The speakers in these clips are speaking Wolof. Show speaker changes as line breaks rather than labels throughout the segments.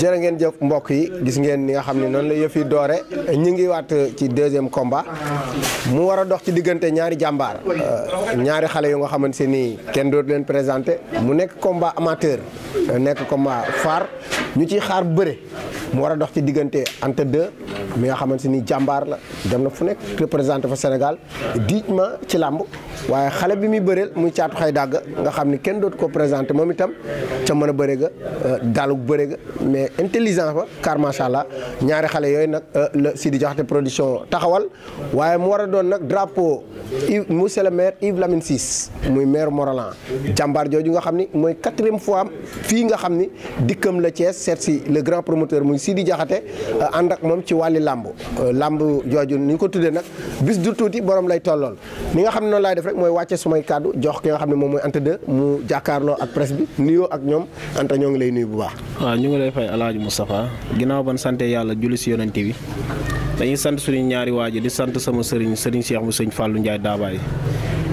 jërë ngeen jëf mbokk yi gis ngeen ni nga xam ne noonu la yëf yi doore ñi ngi waat ci deuxième combat mu war a dox ci diggante ñaari jàmbaar euh, ñaari xale yu nga xamante nii kenn dootu leen présenté mu nekk combat amateur nekk combat phare ñu ciy xaar bëre mu war a dox ci diggante Anta 2 mi nga xamante ni jàmbaar la dem na fu nekk présenté fa Sénégal diic ma ci làmb waaye xale bi muy bëreel muy caatu xay dàgg nga xam ni kenn dootu ko présenté moom itam ca mën a bëre ga euh, dalu bëre ga mais intelligent ba car macha allah ñaari xale yooyu nag euh, la Sidi Diakhaté production taxawal waaye mu war a doon nag drapeau monsieur le maire Yves Lamine Ciss muy maire Moralan jàmbaar jooju nga xam ni mooy quatrième fois fii nga xam ni dikkam la Thiès seet si le grand promoteur muy Sidi jaxate euh, ànd ak moom ci wàlli làmb làmb jooju ni ñu ko tuddee nag bis du tuuti borom lay tollool mooy wàcce sumay kàddu jox ki nga xam ne moom mooy Anta 2 mu jàkkaarloo ak presse bi nuyoo ak ñoom Anta ñoo ngi lay nuyu bu baax. waaw ñu ngi lay fay El Hadj Moustapha ginnaaw ban sante yàlla julli si yonent bi dañuy sant suñu ñaari waa di sant sama sëriñ sëriñ Cheikh mu sëñ Fallou Ndiaye Daabaay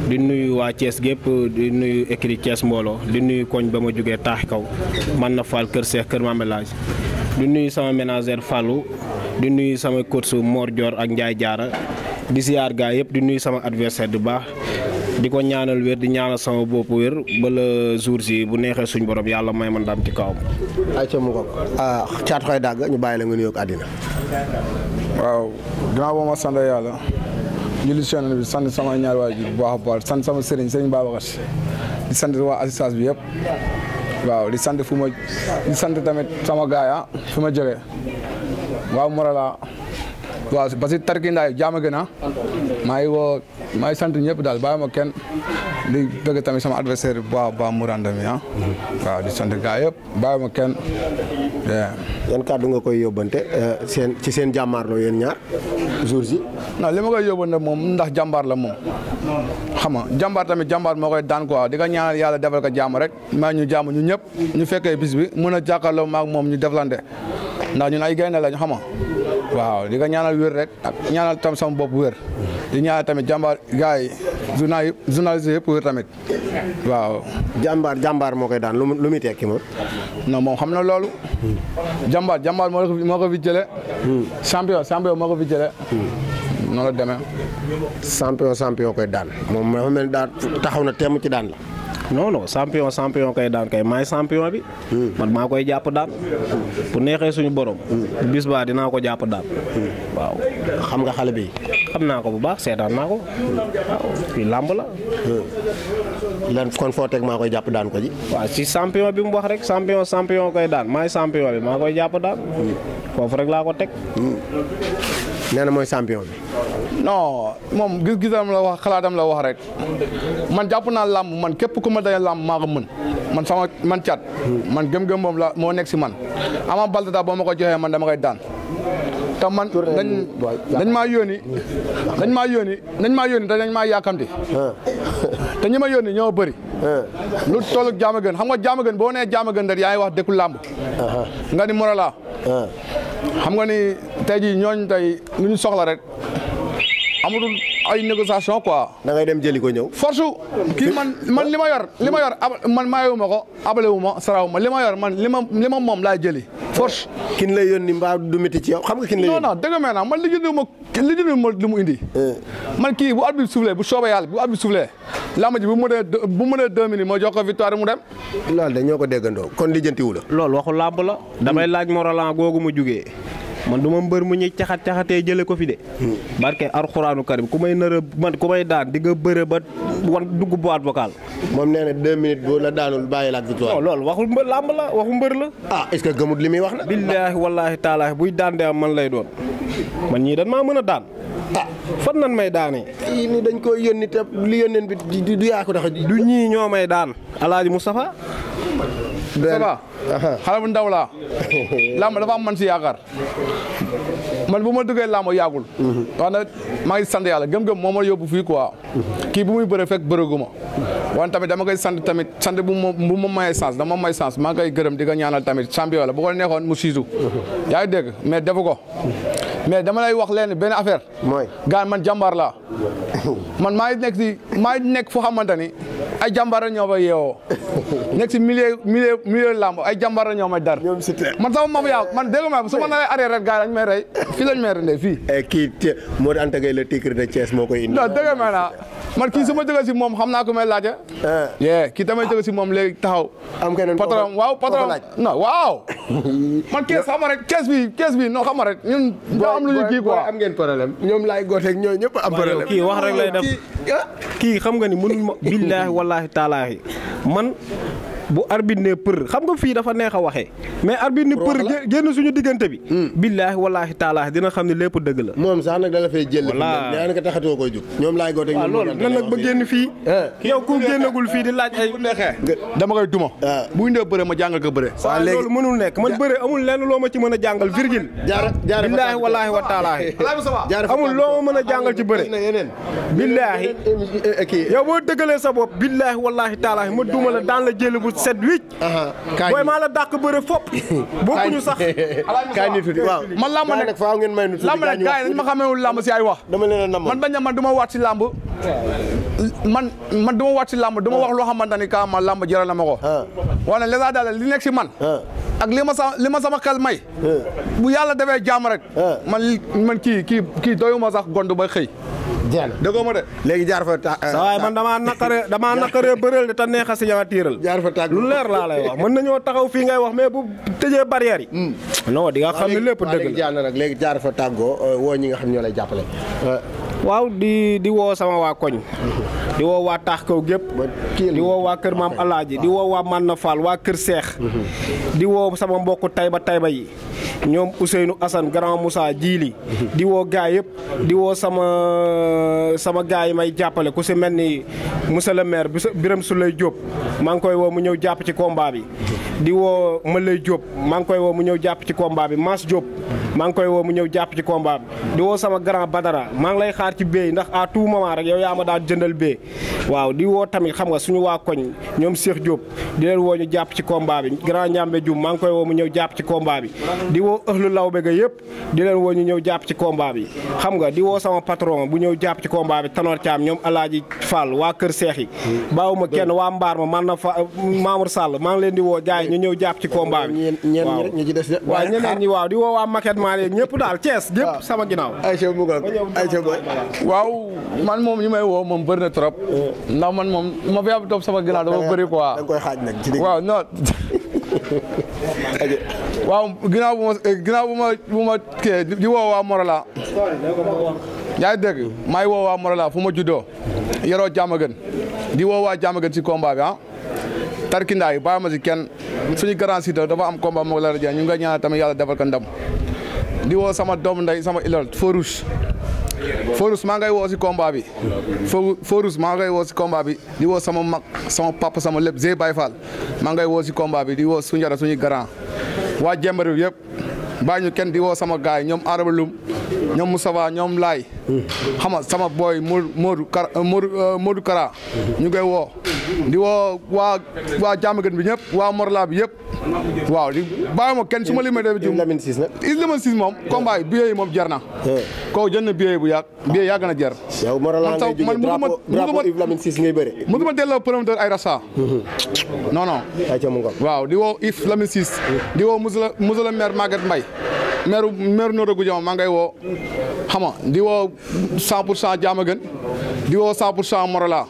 di nuyu waa Thiès gépp di nuyu écrit mbooloo di nuyu koñ ba ma jógee taax kaw man na Fall kër Seex kër Mamelage di nuyu sama ménagère Fallou di nuyu sama coach Mor Dior ak Ndiaye jaara di siyaar gaa yëpp di nuyu sama adversaire bu baax di ko ñaanal wér di ñaanal sama bopp wér ba le bu neexee suñ borom yàlla may man daam ci kawam. ayca
mu ko ah, caat xooy dàgg ñu bàyyi la nga nuyoo ak àddina. waaw ginnaaw ma sant yàlla. julli si bi sant sama ñaar waay ji bu baax a baax sant sama sëriñ sëriñ Babacar di waa assistance bi di sant fu ma di sant tamit sama gaaya fu ma jógee waaw Morala waa parce que tarkindaay jaama gën a maa ngi woo maa sant ñëpp daal bàyyi ma kenn di bëgg tamit sama adversaire bu baax baax Mourane mi ah waaw di sant gaa yëpp bàyyi ma kenn. yan kàddu nga koy yóbbante eh, seen ci seen jàmmaarloo yéen ñaar jours yi. non li ma koy yóbbante moom ndax jàmbaar la moom xam nga jàmbaar tamit jambaar moo koy daan waa di ko ñaanal yàlla defal ko jàmm rek maa ñu jàmm ñu ñëpp ñu fekkee bis bi mën a jàkkaarloo maak moom ñu deflante. ndax ñun ay gaynde lañu xama waaw di ko ñaanal wér rek ak ñaanal tam sama bopp wér di ñaanal tamit jàmbaar gars yi journal journaliste yëpp wér tamit waaw. jàmbaar jàmbaar moo koy daan lu lu muy tekki moom. non moom xam na loolu. Hmm. jàmbaar jàmbaar moo ko moo ko fi jëlee. Hmm. champion champion moo ko fi jëlee. Hmm. noonu la demee. champion koy daan moom moo xam ne taxaw na
temm ci daan la. non non champion champion kay daan kay maay champion bi. Hmm. maa koy jàpp daan. bu neexee suñu borom. Hmm. bis baa dinaa ko jàpp daan. Hmm. waaw xam nga xale bi. xam naa ko bu baax seetaan naa ko. waaw fii làmb la. lan kon foo teg maa koy jàpp daan ko ji. waaw si champion bi mu wax rek champion champion kay daan maay champion bi maa koy jàpp daan. foofu rek laa ko teg. nee na mooy champion bi.
non moom gis a la wax xalaatam la wax rek man jàpp naa làmb man képp ku ma dañu làmb maa ko mën man sama man cat man gëm-gëm moom la moo nekk si man ama balta daal boo ma ko joxee man dama koy daan ta man dañ dañ ma yónni dañ maa yónni dañ maa yónni dañ maa yàkkamti ah. te ñi ma yónni ñoo bëri ah. lu toll jaama gën xam nga jaama gen boo nee jaama gën rek yaa ngi wax dëkku làmb nga ni Morola ah. xam nga ni tey jii ñooñ tey lu ñu soxla rek amatul ay négociation quoi. da ngay dem jëli ko ñëw. force kii man man li ma yor li ma yor man maayewu ma ko abalewu ma sarawu ma li ma yor man li ma li ma moom laa jëli force. kin lay ni mbaa du métti ci yow xam nga kin lay yónni. non non dëgg man li jëndu ma li jëndu ma li mu indi. Eh. man kii bu arbitre soufflé bu soobee yàlla bu arbitre soufflé làmb ji bu mënee bu mënee deux minutes ma jox ko victoire mu dem. loolu dañoo ko déggandoo kon lijjantiwu la. loolu waxu làmb
la. damay hmm. laaj Morolan googu ma jugee. man du ma mbër mu ñuy caxat caxatee jële ko fi de. Hmm. barke alxuraanu karim ku may nar a man ku may daan di nga bëre ba wan dugg boîte vocale. moom nee na deux minutes bu la daanul bàyyi la ak victoire. non waxul mbër waxu mbër la. ah est ce que gëmut li muy wax na. billaahi wallaahi taalaahi buy daan de am man lay doon man ñii dañ maa mën a daan. Ah. fan nan may daanee. yii nii dañ koy yónni te li yónneen bi du yaa ko tax du
ñii ñoo may daan Alaaji Moustapha ça va xale bu ndaw laa làmb dafa am man si yaakaar man bu ma duggee làmb yaagul mhm. wax na maa ngi sant yàlla gëm-gëm moo ma yóbbu fii quoi kii bu muy bëre fekk bërëguma wan tamit dama kay sant tamit sant bu ma bu ma mayee sens dama may sens maa ngi gërëm di ko ñaanal tamit champion la bu ko neexoon mu siisu mhm. yaa ngi dégg mais defu ko mais dama lay wax leen benn affaire mooy gaan man jàmbaar laa man maa nekk si maa nekk foo xamante ni ay jàmbaar ñoo ma yeewoo nekk si milieu milieu milieu ay jàmbaar ñoo ma dar. ñoom si man sama maam yaa man dégg ma su ma naree aree ren gars yi rey fii lañ may rendee fii. Eh, kii Modou Anta Gueye le tigre de Thiès moo koy indi. non dégg nga man kii ma jóge si moom xam naa ko may laaja eh. yee kii tamay jóge si moom léegi taxaw am keneen patron waaw patron non waaw man kees xam rek kees bi kees bi non xam rek ñun da am lu ñu kii quoi am ngeen problème ñoom laay gooteeg ñooñu ñëpp am problème kii wax rek lay def kii ah. xam nga ni mënul ma billaahi
wallaahi taalaahi man bu arbitre ne për xam nga fii dafa neex a waxee. mais arbitre ni për génn suñu diggante bi. Hmm. billaahi wallaahi taalaahi dina xam ne lépp dëgg la. moom sax nag dala fay jël. voilà mais daanaka taxatoo koy jóg. ñoom laay gooteeg ñoom loolu nan nag ba
génn fii. Eh. yow ku génnagul fii di laaj ay. dama koy duma. Ah. bu indee bëre ma jàngal ko bëre. waaw léegi loolu mënul
nekk man bëre amul
lenn loo ma ci mën a jàngal virgule. jaara jaara billaahi wallaahi wa taalaahi. amul loo ma a jàngal ci bëre.
billaahi eh, eh, yow boo dëggalee sa bopp billaahi wallaahi taalaahi ma duma la daan la jël bu set wicc. kaay booy maa la dàq bëre fopp. bokkuñu sax kaay nii tuuti waaw man làmb nag faaw
ngeen may nu tuuti ma nag gars yi ma xamewul làmb si ay wax. dama a namoon man bañ a man du ma waat si làmb. man man du ma waat si làmb du ma ah. wax loo xamante ni ka ma làmb jaral na ma ko. Ah. waaw nag léegi li nekk si man. Ah. ak li ma sama li ma sama xel may. bu yàlla defee jaam rek. man man kii kii kii doyuma sax gond ba xëy. jeex na dëggoo ma de léegi jaar fa ta sa waay man damaa naqare damaa naqare
bëreel de te neex a signature jaar fa tàgg lu leer laa lay wax mën nañoo taxaw fii ngay wax mais bu tëjee barrière yi hmm. non di nga xam ne lépp dëgg la jaar léegi jaar fa tàggoo euh, woo xam ñoo lay jàppale euh, waaw di di woo sama waa koñ di woo waa taax kaw gépp di woo waa kër maam alaaji di ah. woo waa na Fall waa kër seex mhm. di woo sama mbokku tayba tayba yi ñoom Ousseynou Assane grand Moussa Djili di woo gaay yëpp di woo sama sama gaay yi may jàppale ku si mel ni monsieur le maire Birame Souleye Diop maa ngi koy woo mu ñëw jàpp ci combat bi di woo Malay Diop maa ngi koy woo mu ñëw jàpp ci combat bi Mass Diop maa ngi koy woo mu ñëw jàpp ci combat di woo sama grand Badara maa ngi lay xaar ci béy ndax à tout moment rek yow yaa ma daan jëndal béy waaw di woo tamit xam nga suñu waa koñ ñoom Cheikh Diop di leen woo ñu jàpp ci combat bi grand Ñambe Diouf maa ngi koy woo mu ñëw jàpp ci combat bi woo ëxlu lawbe ga yëpp di leen woo ñu ñëw jàpp ci combat xam nga di woo sama patron bu ñëw jàpp ci combat bi Tanor Thiam ñoom Alaaji Fall waa Kër Seex yi hmm. bàyyuma kenn waa mbaar ma man na fa Mamour Sall maa ngi leen di woo jaay ñu ñëw jàpp ci combat bi waaw waaw ñeneen ñi waaw di woo waa maquette maa leen ñëpp daal Thiès ñëpp ah. sama ginnaaw
waaw man moom ñi may woo moom bëri na trop hmm. ndax man moom ma fi am topp sama ginnaaw dafa bëri quoi waaw waaw ginnaaw bu ma ginnaaw ma bu di woo waa Morola yaa ngi dégg maa ngi fu ma juddoo yoroo Diamaguène di woo waa Diamaguène si combat bi ah tarkindaa yi bàyyi ma si kenn suñu grand site dafa am combat moo la rajo ñu nga ñaanal tamit yàlla defal ko ndam di woo sama doomu nday sama ilal feu Forus maa ngay woo si combat bi Forus maa ngay woo si combat bi di woo sama mag sama pap sama lépp Zé Baye Fall maa ngay woo si combat bi di woo Sunjara suñuy grand waa Jember bi yëpp bàyyi ñu kenn di woo sama gaay ñoom Araba ñoom Moustapha ñoom Laay xama sama booy Modou Kara euh, euh, Modou Kara ñu koy woo di woo waa waa bi ñëpp waa Morla bi yëpp waaw di bàyyi ma kenn su ma limee def juum Lamine Cissé nag Is Lamine Cissé moom combat yi jar na ko jënd na billet yi bu yàgg billet yàgg na jar yow Morla ngay jóge drapeau drapeau Yves Lamine Cissé ngay bëre mu ma delloo promoteur ay rasa mhm. non non waaw di woo Yves Lamine mhm. di woo Moussa Moussa le maire Maguette Mbaye maire maire Nodou Goudiama maa ngay woo xam nga di woo 100 pour cent jaama gën di woo 100 pour cent Morola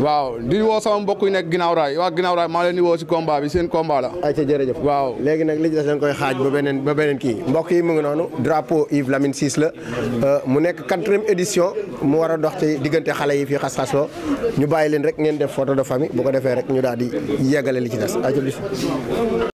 waaw di woo sax mbokk yi nekk ginnaaw raay waa ginnaaw raay maa leen di woo si combat bi seen combat la ayca jërëjëf waaw léegi nag li ci des xaaj ba beneen beneen kii mbokk yi mu ngi noonu drapeau Yves Lamine Ciss la euh, mu nekk
quatrième édition mu war a dox ci diggante xale yi fii xas-xas loo ñu bàyyi leen rek ngeen def photo de famille bu ko defee rek ñu daal di yeggale li ci des ayca bis